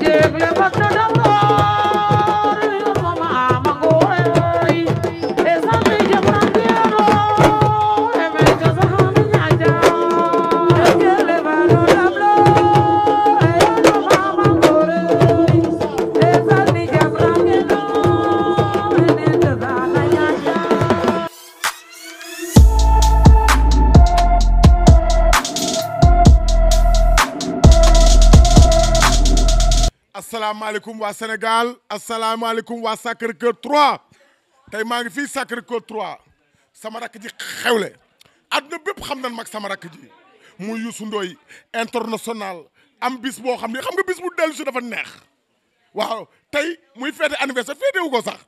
Debre bakna dalla asalaamaaleykum waa Sénégal asalaamaaleykum waa Sacré-Cœur 3 tey maa ngi fi Sacré-Cœur 3 sama rakk ji xewle àdduna bépp xam nañ mag sama rakk ji muy Youssou Ndoye international am bis boo xam ne xam nga bis bu dellu si dafa neex waaw tey muy feete anniversaire feete wu ko sax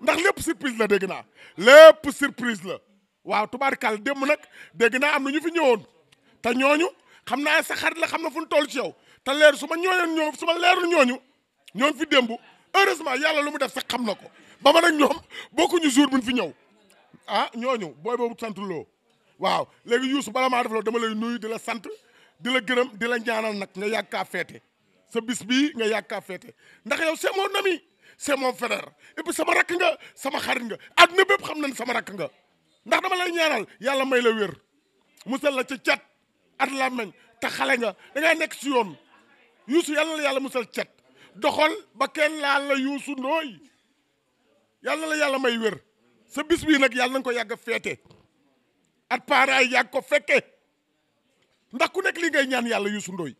ndax lépp surprise la dégg naa lépp surprise la waaw tubaarkàlla démb nag dégg naa am na ñu fi ñëwoon te ñooñu xam naa sa xarit la xam na fu ñu toll ci yow te leer su ma ñooyoon su ma leerul ñooñu ñoom fi démb heureusement yàlla lu mu def sax xam na ko ba man ak ñoom bokkuñu jour buñ fi ñëw ah ñooñu booy boobu sant loo waaw léegi Youssou bala maa def loolu dama lay nuyu di la sant di la gërëm di la ñaanal nag nga yàgg kaa feete sa bis bii nga yàgg feete ndax yow c'est na ami c'est mon frère sama rakk nga sama xarit nga àdduna bépp xam nañ sama rakk nga ndax dama lay ñaanal yàlla may la wér musal la ca cat at làmmeñ te xale nga da nekk si yoon Youssou yàlla la yàlla musal cat doxal ba kenn laal la Youssou Ndoye yàlla la yàlla may wér sa bis bii nag yàlla na ko yàgg a feete at paaraay yàgg ko fekke ndax ku nekk li ngay ñaan yàlla Youssou Ndoye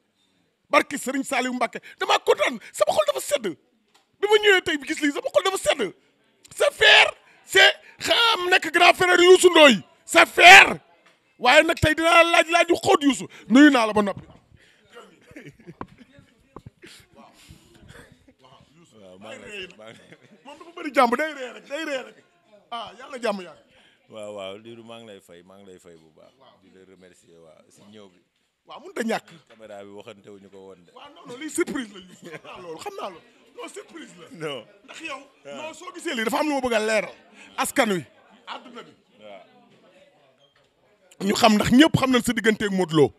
barki sëriñ Saliou Mbacké damaa kontaan sama xol dafa sedd bi ma ñëwee tey bi gis lii sama xol dafa sedd c'est faire c'est xam nekk grand frère Youssou Ndoye c'est faire waaye nag tey dinaa laaj laaju xóot Youssou nuyu naa la ba noppi waaw maa ngi lay moom dafa bëri jàmm day ree rek day ree rek ah yàlla jàmm yàlla. waaw waaw Lirou maa ngi lay fay maa ngi lay fay bu baax. di la remercier waaw si ñëw bi. waaw mënut a ñàkk. caméra bi waxante wu ñu ko woon de. waaw non non surprise la lii xam naa loolu xam naa loolu ndax yow. Ah. non soo gisee lii dafa am lu ma bëgg a leeral. askan wi àdduna ñu xam ndax ñëpp xam nañ sa digganteeg Modou Lo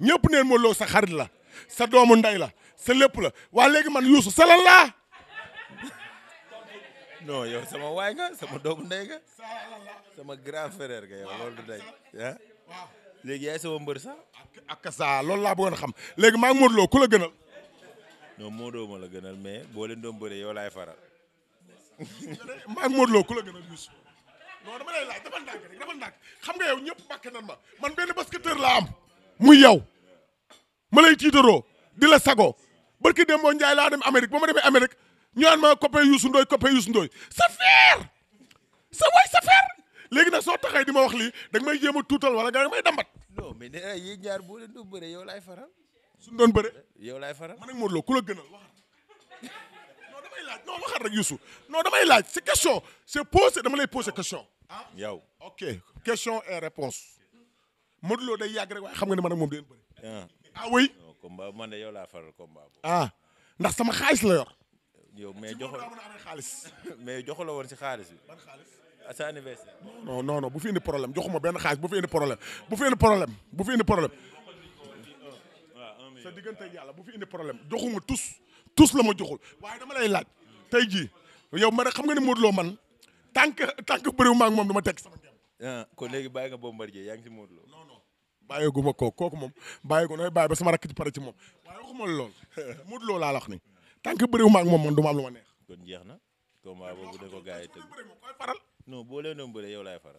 ñëpp neen Modou Lo sa xarit la sa doomu ndey la sa lépp la waa léegi man Youssou sa lan non yow sama waay nga sama doomu ndey nga sama grand frère nga yow loolu du day ah yaay sama mbër sax. ak sa loolu laa bëggoon xam léegi maa ngi Modou ku la gënal. non Modou ma la gënal mais boo leen doon bëree yow laay faral. maa ngi Modou ku la gënal Youssou. non dama lay laaj dama ndànk rek nga yow ñëpp bàkke nan ma man benn basketteur laa am. muy yow ma lay tiitaroo di la sagoo barki Demba Ndiaye laa dem Amérique ba ma demee Amérique. ñu naan ma copain Youssou Ndoye copain Youssou Ndoye sa feer sa way sa feer nag soo taxay di ma wax lii da may jéem a tuutal wala nga may dambat. non mais nee naa boo leen doon bëre yow laay faral. su doon bëre. yow laay faral man ak Modou Lo ku la gënal waxal non damay laaj non waxal rek Youssou non laaj c'est question c'est dama lay posé question. ah yow ok question et réponse day yàgg rek xam nga ne man ak moom day bëri. Ah. ah oui. non combat man yow laa faral combat boobu. ah ndax sama xaalis la yor. yow mais joxo xaalis mais joxu la woon si xaalis bi. ban xaalis. sa anniversaire. non bu fi indi problème joxuma benn xaalis bu fi indi problème bu fi indi problème bu fi indi problème. sa diggante yàlla bu fi indi problème joxuma tous tous la ma joxul waaye dama lay laaj. tey jii yow ma man xam nga ne Modou Lo man tant que tant que bëriwuma ak moom dama teg sama ah kon léegi bàyyi nga Bombardier yaa ngi si Modou Lo. non non ma kooku kooku moom bàyyi ko nooy bàyyi ba sama ma ci pare ci moom waaye loo lool Modou laa la ni tant que bëriwuma ak moom man du ma am lu kon jeex na. combat boobu da ko gaa yi tëgg non boo leen faral.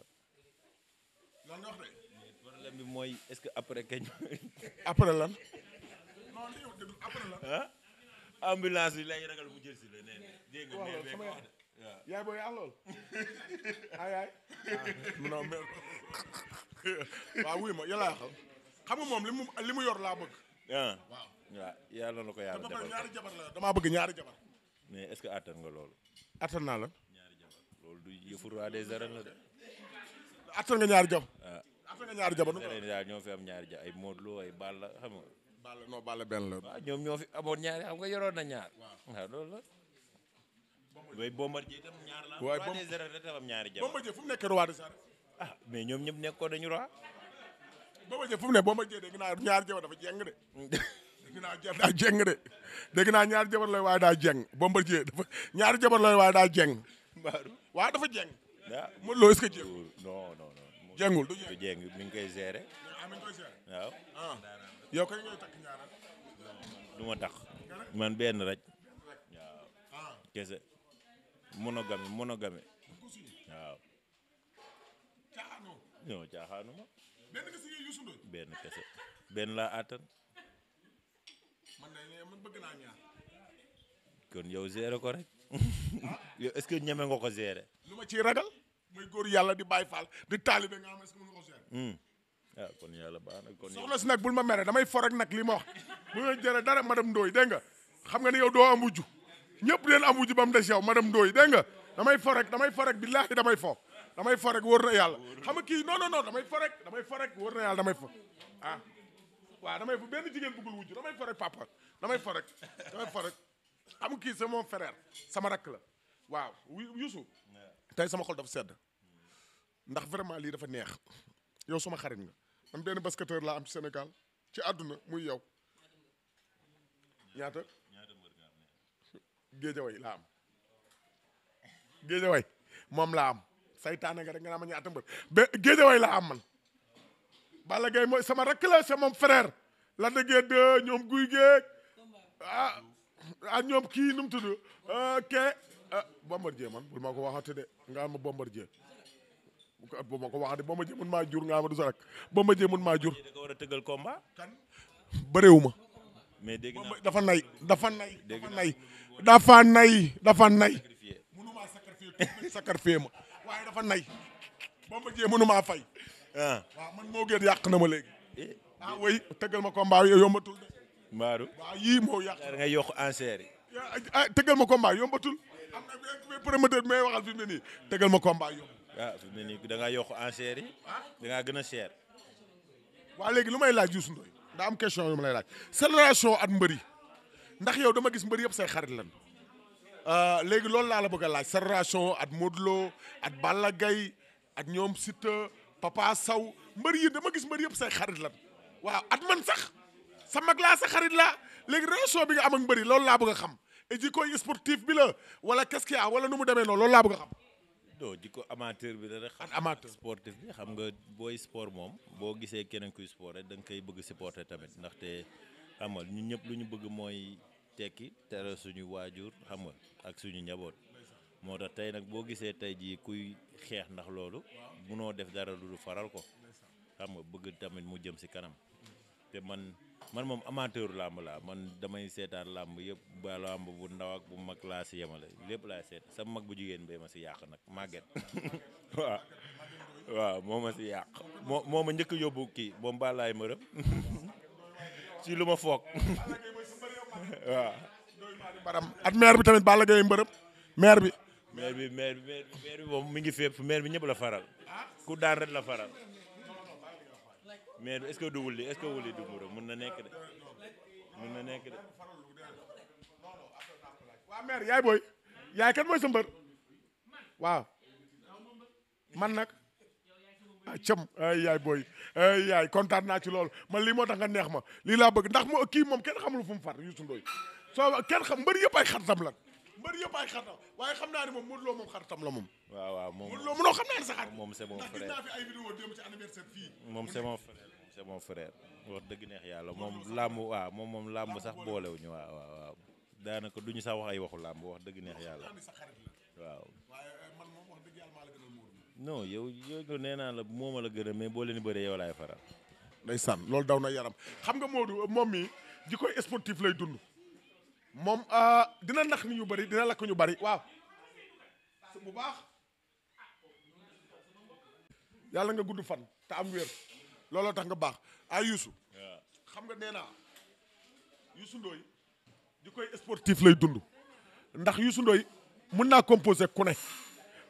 lan nga wax de. problème bi mooy ambulance bi lay ragal mu jël si la nee na. dégg li mu li yor laa bëgg. waaw. waaw yàlla na ko yàlla defal te ñaari jabar la damaa bëgg ñaari jabar. mais es ce que attan nga loolu. attan naa la. ñaari jabar loolu du yëfu roi des la de. attan nga ñaari jabar. waaw ah. attan nga ñaari ah, am ñaari jabar ay Modou Lo ay Balla nga. Ah, ñoo fi amoon ñaar. waaw loolu la. waaye Bombardier itam ñaar la. waaye roi des arènes la dafa am ñaari jabar. Bombardier mais ñoom ñëpp nekkoon nañu roi. Bombardier fu mu ne Bombardier de ñaar de dégg naa daa jeng de dégg naa ñaari jabar waaye daa jeng Bombardier dafa ñaari jabar waaye daa jeng waaw dafa jeng Modou Lo jeng non non non jeng mi ngi koy gérer ah, mi ah. man benn rek ah. kese monogame monogame waaw caaxaanoo non caaxaanuma benn kese benn laa attan man de man bëgg naa kon yow gérer ko rek yow est-ce que ñeme nga ko lu ma ciy ragal. muy góor yàlla di bàyyi faal di taalibe nga xam est-ce que mën nga ko gérer. Hmm. ah kon yàlla baax si nag bul ma mere damay for rek nag li ma wax bu ma jëlee dara madame Ndoye dégg nga xam nga ne yow doo am wujju ñëpp leen am wujju ba mu des yow madame Ndoye dégg nga damay for rek damay for rek damay fo damay for rek na yàlla xam nga kii non non non damay for damay for rek na yàlla damay fo ah. waa damay fu benn jigéen bëggul wujju damay fo rek papa damay fo rek damay fo rek kii c'est mon frère sama rakk la waaw Youssou tey sama xol dafa sedd ndax vraiment lii dafa neex yow suma xarit nga man benn basketteur laa am ci Sénégal ci àdduna muy yow ñaata géejaway laa am géejaway moom laa am seytaane nga rek nga naa ma ñaata mbër ba géejaway laa am man Balla Gaye mooy sama rakk la sama frère la dëggee de ñoom guy geeg ah, ah ñoom kii nu mu tudd ah, ke ah, Bombardier man bul ma ko waxati de nga ma Bombardier bu ma ko waxati Bombardier mun maa jur nga ma du sa rakk Bombardier mun maa jur. da nga war a tëggal ma. mais dégg naa dafa nay dafa nay. dafa nay dafa nay dafa nay. maa sacrifier ma waaye dafa nay Bombardier mënu maa fay. Ah. waaw man moo gën yàq na ma léegi. Eh. ah oui tëggal ma combat yombatul de. Mbaaru waaw yii moo yàq. da ngay yokk enchère yi. ah tëggal ma combat yombatul. am na benn promoteur bi may waxal fi mu ne nii tëggal ma combat yomb. waaw ah, fi mu ne nii da ngaa yokk enchère yi. Ah. da ngaa gën a cher. waa léegi lu may laaj Youssou Ndoye daa am question yu ma lay laaj célébration at mbëri ndax yow dama gis mbëri yëpp say xarit lan léegi loolu laa la bëgg a laaj célébration at Modou Lo at Balla Gaye at ñoom Siteu. papa saw mbër yi dama gis mbër yëpp say xarit lan waaw at man sax sa mag laa sa xarit laa léegi relation bi nga am ak mbër loolu laa bëgg a xam et jikko sportif bi la wala qu'est-ce wala nu mu demee noonu loolu laa bëgg a xam. doo jikko amateur bi la rek. ak amateur sportif bi xam nga booy sport moom boo gisee keneen kuy sport rek danga nga koy bëgg supporter tamit ndaxte amal ñu ñun ñëpp lu ñu bëgg mooy tekki tere suñu waajur xam nga ak suñu njaboot. moo tax tey nag boo gisee tey jii kuy xeex ndax loolu mu noo def dara lu faral ko xam ma bëgg tamit mu jëm si kanam te man man moom amateur làmb laa man damay seetaan làmb yëpp ba làmb bu ndaw ak bu mag laa si yemale lépp laa seet sa mag bu jigéen bee ma si yàq nag màgget waaw waaw moo ma si yàq moo moo ma njëkk yóbbu kii moom bàllaay mërëm si lu ma foog waaw. at maire bi tamit Balla Gaye mbërëm maire bi. maire bi maire bi maire bi moom mi ngi fépp maire bi ñëpp la faral ku daan rek la faral maire bi est que du wulli est-ce que wulli du mun na nekk de mun na nekk de. yaay booy yaay kan mooy sa mbër waaw man nag ah cëm ay yaay booy ay yaay kontaan naa ci loolu man lii moo tax nga neex ma lii laa bëgg ndax mo kii moom kenn xamul fu mu far Youssou Ndoye soo kenn xam mbër yëpp ay xaritam lan mbër yëpp ay xaritam waaye xam naa ne moom Modou Lo moom xaritam la moom. waaw waaw moom Modou moom c'est mon moom c'est mon frère dëgg neex yàlla moom làmb waaw moom moom làmb sax boolewuñu waaw waaw daanaka duñu sax wax ay waxu laamb wax dëgg neex yàlla waaw. Eh, non yow yow nee naa la moom la gën a mais boo leen bëree yow laay faral. ndeysaan loolu daw na yaram xam nga Modou moom mi jikko sportif lay dund. moom euh, dina nax ni ñu bëri dina lakk ñu bari waaw bu baax yàlla nga gudd fan te am wér looloo tax nga baax ah Youssou xam nga nee naa Youssou Ndoye di koy sportif lay dund ndax Youssou Ndoye mun naa composé ku ne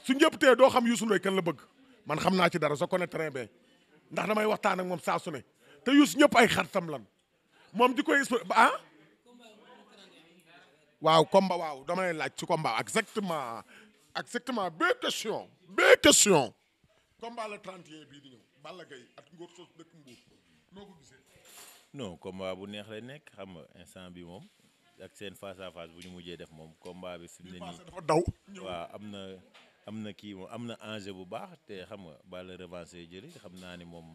su ñëpp tee doo xam Youssou Ndoye kan la bëgg man xam naa ci dara soo ko ne ndax damay waxtaan ak moom saa ne te Youssou ñëpp ay xaritam lan moom di koy ah waaw combat waaw dama laaj ci komba exactement exactement bee question bee question. combat le 31 bii di ñëw Balla Gaye ak Ngor Soos dëkk Mbour noo ko bu neex lay nekk xam nga instant bi moom ak seen face à face bu ñu mujjee def moom combat bi. fi mu ne nii dafa daw. waaw am na am na kii am na enjeu bu baax te xam nga Balla revanche jëli xam naa ni moom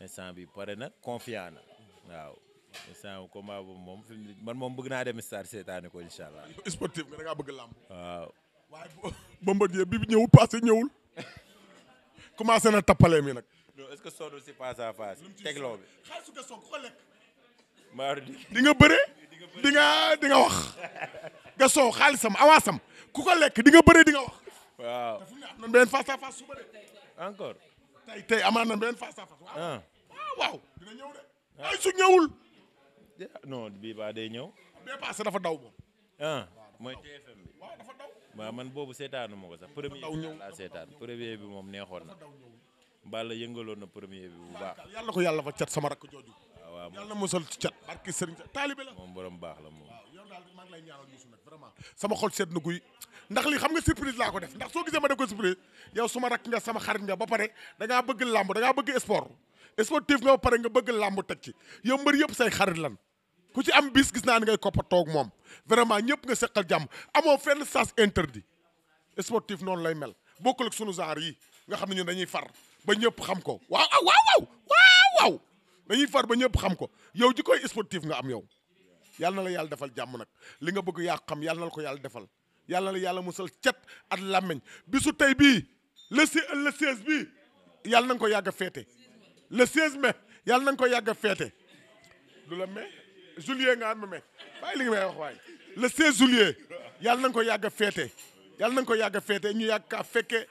instant bi pare na confiant na waaw. moom man moom bëgg naa dem star seetaane ko incha allah. sportif nga da ngaa bëgg làmb. waaw. waaye Bombardier bi ñawul passé ñëwul. commencé na tappale mi nag. non est-ce que sonnul si face à face. tegloo bi xaalisu Gaston di nga bëre. di nga wax. Gaston xaalisam avance ku ko lekk di bëre di wax. waaw te fu ñu am suba de. encore. tey tey amaat na benn face ah. waaw waaw dina de non bii baa day ñëw. bee passé dafa daw moom. ah mooy TFM bi. waaw man boobu seetaanu ma ko sax. premier bi laa seetaan premier bi moom neexoon na. Balla yëngaloon na premier bi bu baax. yàlla ko yàlla fa cat sama rakk jooju. Ah, waaw yàlla na mosal ci cat. barke Sëriñ taalibe la. moom borom baax la moom. waaw maa ngi lay ñaanal Youssou vraiment. sama xol seet na guy ndax li xam nga surprise laa ko def ndax soo gisee ma def ko surprise yow suma rakk nga sama xarit nga ba pare da bëgg làmb da bëgg sport sportif nga ba pare nga bëgg làmb teg ci yow mbër yëpp say xarit lan ku ci am bis gis naa ni ngay koppatoog moom vraiment ñëpp nga seqal jàmm amoo fenn sens interdit sportif noonu lay mel bokkul ak sunu genre yi nga xam ne ñun dañuy far ba ñëpp xam ko waaw ah, waaw waaw waaw dañuy far ba ñëpp xam ko yow ji koy sportif nga am yow yàlla na la yàlla defal jàmm nag li nga bëgg yaa xam yàlla na la ko yàlla defal yàlla na la yàlla musal cet at làmmeñ bisu tey bii le le 16 bii yàlla na nga ko yàgg a féete le 16 mai yàlla na nga ko yàgg a féete du la mai juillet nga amee me bàyyi li nga may wax waay le 16 juillet yàlla na nga ko yàgg a féete yàlla na nga ko yàgg a féete ñu yàgg kaa fekke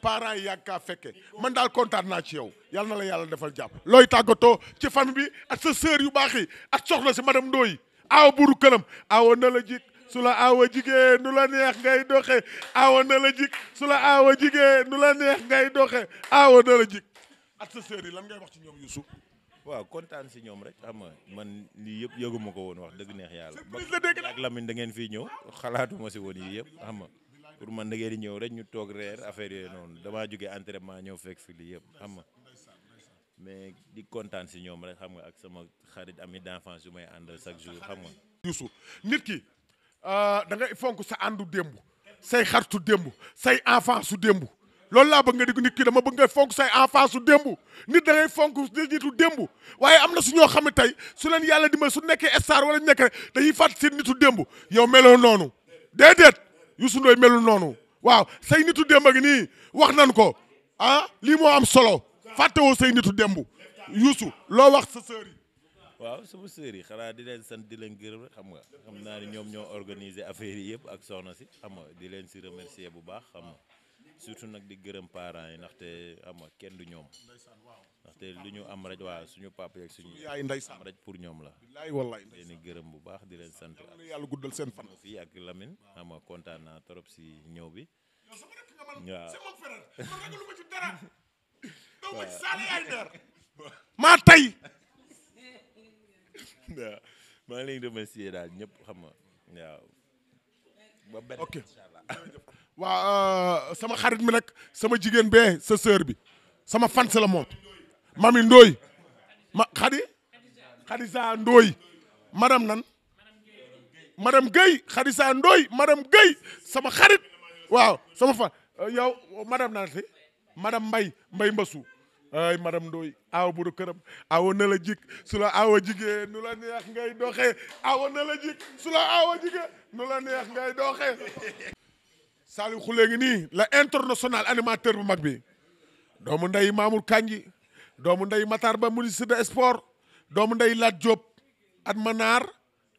parents yi yàgg kaa fekke man daal kontaan naa ci yow yàlla na la yàlla defal jàpp. looy tàggatoo ci famille bi at sa sœur yu baax yi ak soxna si madame Ndoye aawa buuru këram aawa na la jik su la aawa jigee nu la neex ngay doxe aawa na la jik su la aawa jigee nu la neex ngay doxe aawa na la jik ak sa sœur yi lan ngay wax ci ñoom Youssou waaw kontaan si ñoom rek xam nga man lii yëpp yëguma ko woon wax dëgg neex yàlla. ak Lamine da ngeen fii ñëw xalaatuma si woon yii yëpp xam nga pour man da ngeen di ñëw rek ñu toog reer affaire yooyu noonu damaa jógee entraînement ñëw fekk fi lii yëpp xam nga mais di kontaan si ñoom rek xam nga ak sama xarit ami d'enfance yu may àndal chaque jour xam nga. Youssou nit ki euh, da ngay fonk sa àndu démb say xaritu démb say enfance su démb. loolu laa bëgg nga di nit ki dama bëgg nga fonk say enfance su démb nit da ngay fonk nitu démb waaye am na su ñoo xam ne tey su leen yàlla dimbal su nekkee star wala nekk rek dañuy fàtt seen nitu démb yow meloo noonu déedéet Youssou Ndoye melul noonu waaw say nitu démb gi nii wax nan ko ah lii moo am solo fàttewoo say nitu démb Youssou loo wax sa sœur yi waaw sama sœur yi xanaa di leen sant di leen gërëm rek xam nga xam naa ne ñoom ñoo organiser affaire yi yëpp ak soxna si xam nga di leen si remercier bu baax xam nga surtout nag di gërëm parents yi ndaxte xam kenn du ñoom. ndaxte lu ñu am rek waa suñu papa yeeg suñu. yaay ndeysaan am rek pour ñoom la. billaay leen gërëm bu baax di leen sant. yàlla guddal fii ak Lamine xam nga kontaan naa trop si ñëw bi. yow maa tey. waaw daal ñëpp xam nga ba benn waa euh, sama xarit mi nag sama jigéen bee sa sœur bi sama fans la moom mami ndooy ma xadi xadisa Ndoye madame nan madame Guèye xadisa Ndoye madame Guèye sama xarit waaw sama fa euh, yow madame nan te madame Mbay Mbay Mbasu ay madame Ndoye awa buru këram awa na la jik su la awa jigee la neex ngay doxee awa na jik su la awa jigee neex ngay doxee Saliou Khoulé ngi nii la international animateur bu mag bi doomu ndey Mamour Kandji doomu ndey Matar Ba ministre de sport doomu ndey Lat Diop at Manar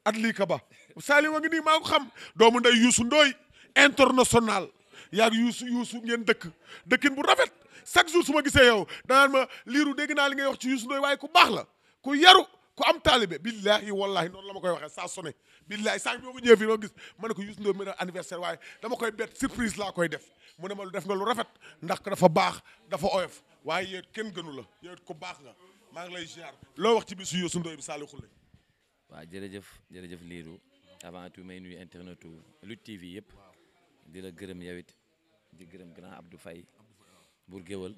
at lii Kaba Saliou a ngi nii maa ko xam doomu ndey Youssou Ndoye international yaag Youssou Youssou ngeen dëkk dëkkin bu rafet chaque jour su ma gisee yow danaan ma liiru dégg naa li ngay wax ci Youssou Ndoye waaye ku baax la ku yaru ku am taalibe billahi wallahi noonu la ma koy waxee saa su billaay sax bi ma ko ñëwee fii ma gis ma ne ko Youssou Ndour mi anniversaire waaye dama koy bett surprise laa koy def mu ne ma lu def nga lu rafet ndax dafa baax dafa oyof waaye yéen kenn gënu la yéen ko baax nga maa ngi lay ziar loo wax ci bisu Youssou Ndour bi Saliou Khoule. waaw jërëjëf jërëjëf Lirou avant tout may nuyu internetu lu TV yëpp di la gërëm yow it di gërëm grand Abdou Faye Bour Guéweul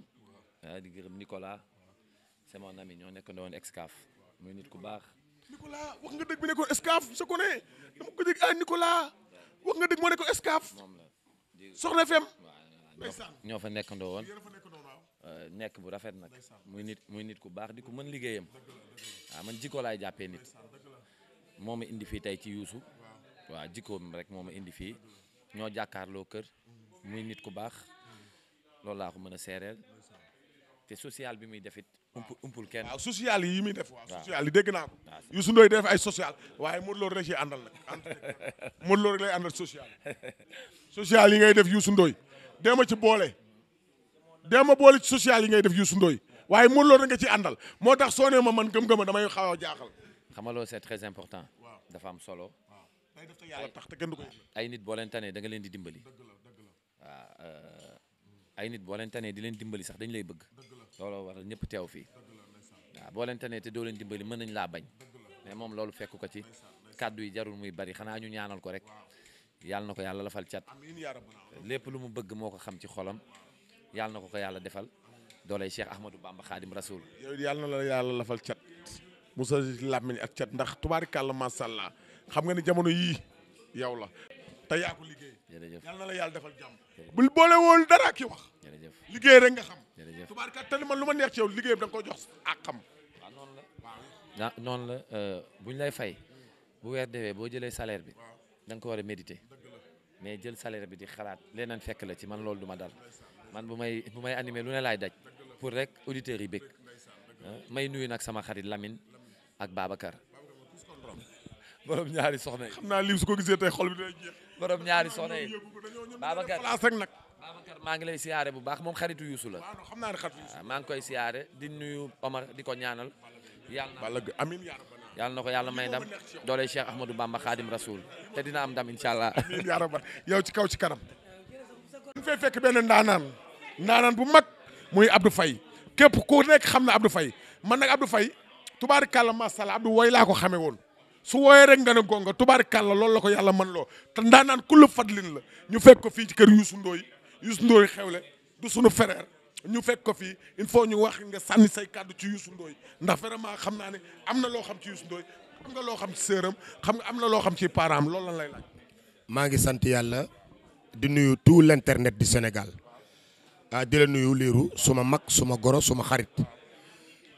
ah, di gërëm Nicolas c'est mon ami ñoo nekk na woon Excaf muy nit ku baax. Nicolas wax nga dëgg bi ne ko Escaf je connais dama ko dégg ah Nicolas wax nga dëgg moo ne ko Escaf Soxna ñoo fa nekkandoo woon euh, nekk bu rafet nag muy nit muy nit ku baax di ko mën liggéeyam waaw ah, man jikko laay jàppee nit moo ma indi fii tey ci Youssou waa jikkoom rek moo ma indi fii ñoo jàkkaarloo kër muy nit ku baax mm. loolu laa ko mën a seereel te social bi muy defit umpul umpul social yi yi muy def waaw social dégg naa ko Youssou Ndoye def ay social waaye Modou Lo rek ci àndal nag Modou Lo rek lay àndal social yi ngay def Youssou Ndoye dee ma ci boole dee ma boole ci social yi ngay def Youssou Ndoye waaye Modou Lo rek nga ci àndal moo tax soo nee ma man gëm-gëma damay xaw a jaaxal xamaloo c'est très important dafa am solo day def te yàlla tax te kenn ko ay nit boo leen tanee da nga leen di dimbali waaw euh, ay nit boo leen di leen dimbali sax dañ lay bëgg looloo waral ñëpp teew fii waaw boo leen tanee te doo leen dimbali mën nañ laa bañ mais moom loolu fekk ko ci kàddu yi jarul muy bari xanaa ñu ñaanal ko rek yàlla na ko yàlla lafal cat lépp lu mu bëgg moo ko xam ci xolam yàlla na ko ko yàlla defal dooley Cheikh Ahmadou Bamba Khadim Rasoul. yow yàlla na la yàlla lafal cat. Moussa làmmiñ ak cat ndax tubaarikàlla macha allah xam nga ni jamono yii yow la. te yaa boole woon dara ki wax. liggéey rek nga xam jërëjëf lu ma neex ci yow liggéey bi da nga koy jox ak xam waaw noonu la waaw ah, noonu la euh, buñ lay fay bu weer dewee boo jëlee salaire bi da ko war a méditer mais jël salaire bi di xalaat leneen fekk la ci man loolu du ma dal man bu may bu may animé lu ne laay daj pour rek auditeurs yi bëgg ah, may nuyu nag sama xarit Lamine ak Babacar borom ñaari soxna yi xam nag maa ngi lay siyaare bu baax moom xaritu Youssou la xam naa ne ah, maa ngi koy siyaare di nuyu Omar di ko ñaanal yàlla na amiin yàlla na ko yàlla may ndam doole Cheikh Ahmadou Bamba Khadim Rasoul te dina am ndam incha allah amiin yaa yow ci kaw ci kanam ñu fay fekk benn ndaanaan ndaanaan bu mag muy Abdou Faye képp ku nekk xam na Abdou Faye man nag Abdou Faye tubaarikàlla masala Abdou wooy laa ko xamee woon su wooyee rek nga ne gonga tubaarikàlla loolu la ko yàlla mën loo te ndaanaan ku la fadlin la ñu fekk ko fii ci kër Youssou Ndoye Youssou Ndoye xewle du sunu frère ñu fekk ko fii il faut ñu wax nga sànni say kàddu ci Youssou Ndoye ndax vraiment xam naa ne am na loo xam ci Youssou Ndoye xam nga loo xam ci séeram xam nga am na loo xam ci parent am loolu lan lay laaj. maa ngi sant yàlla di nuyu tout l' internet du Sénégal ah di la nuyu liiru suma mag suma goro suma xarit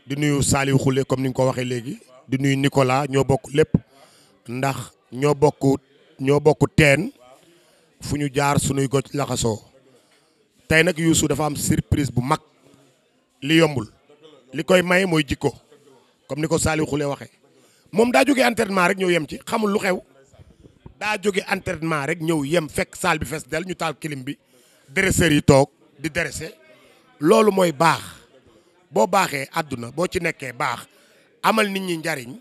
di nuyu Saliou Khoulé comme ni nga ko waxee léegi di nuyu Nicolas ñoo bokk lépp ndax ñoo bokk ñoo bokk teen fu ñu jaar sunuy goj laxasoo tey nag Youssou dafa am surprise bu mag li yombul li koy may mooy jikko comme ni ko Saliou Khoulé waxee moom daa jóge entraînement rek ñëw yem ci xamul lu xew daa jóge entraînement rek ñëw yem fekk saal bi fees del ñu taal kilim bi dresseur yi toog di dresser loolu mooy baax boo baaxee àdduna boo ci nekkee baax amal nit ñi njariñ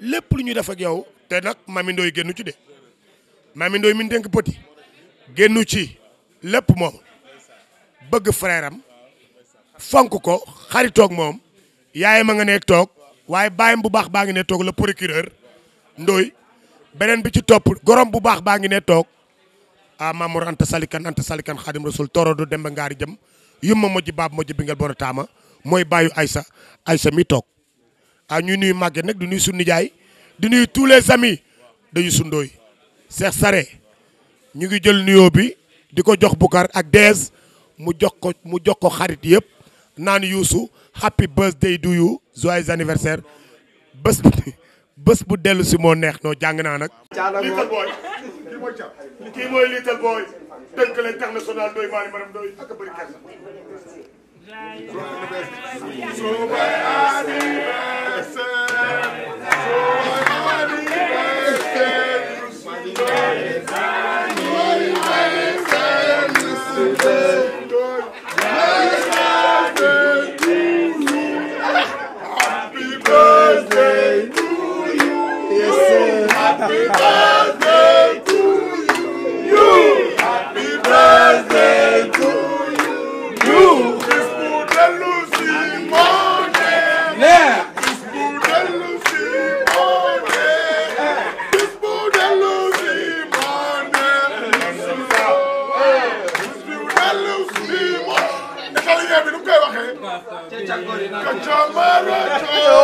lépp lu ñu def ak yow te nag Mamy Ndoye génnu ci de Mamy Ndoye mi dénk petit génnu ci lépp moom bëgg frère am fonk ko xaritoog moom yaay ma nga ne toog waaye bàyyam bu baax baa ngi ne toog le procureur ndoy beneen bi ci topp gorom bu baax baa ngi ne toog a ah, Mamour Anta Salikan Anta Salikan Xaadim Rasul torodo demba ngaari jëm yumma mojji baab mojji bi ngel a taama mooy bàyyu Aysa Aysa mi toog a ah, ñuy nuyu màgget nag di nuy su nijaay di nuy tous les amis dañu sundooy Cheikh Sare ñu ngi jël nuyoo bi di ko jox Bukar ak Dees mu jox ko mu jox ko xarit yëpp naan yuusu happy birthday to you joyeux anniversaire bés bés bu dellu si moo neex noo jàng naa nag. Kachomoro